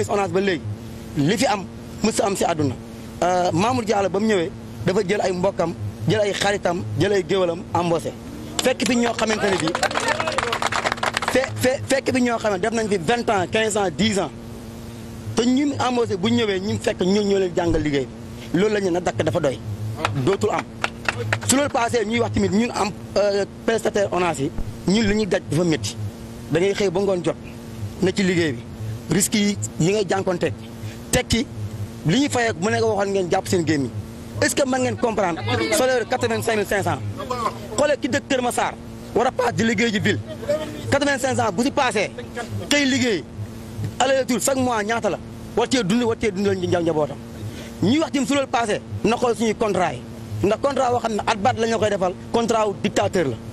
ñëwee ba léegi li fi am mës am si àdduna euh, Mamour Diallo ba mu ñëwee dafa jël ay mbokkam jël ay xaritam jël ay géwalam embauché fekk fi ñoo xamante ne bii fe fekk fi ñoo xamante def nañ fi vingt ans quinze ans dix ans te ñun embauché bu ñëwee ñun fekk ñoo ñoo leen jàngal liggéey loolu la ñu na dakk dafa doy dootul am su loolu passé ñuy wax tamit ñun am euh, prestataire ONAS yi ñun li ñuy daj dafa métti da ngay xëy ba ngoon jot na ci liggéey bi risques yi yi ngay jànkonte tekki li ñuy fayee mu ne nga waxoon ngeen jàpp seen gémmi est-ce que mën ngeen comprendre salaire quatre-vingt-cinq mille cinq cent xoole ki dëkk Kër Massar war a paas di liggéey ji ville quatre-vingt-cinq cent bu si paasee xëy liggéey aller-retour chaque mois ñaata la war cee dund war ñi dundal njabootam ñuy wax jëm su loolu paasee na xool si contrat yi ndax contrat boo xam ne at baat la ñu koy defal contrat wu dictateur la